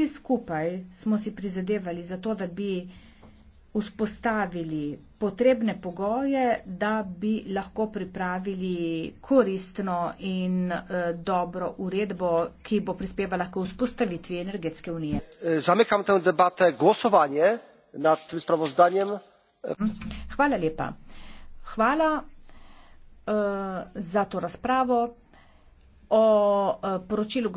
vsi skupaj smo si prizadevali za to, da bi vzpostavili potrebne pogoje, da bi lahko pripravili koristno in eh, dobro uredbo, ki bo prispevala k vzpostavitvi energetske unije. Eh, Zamekam tam debate glasovanje nad tem spravozdanjem. Mhm. Hvala lepa. Hvala eh, za to razpravo o eh, poročilu.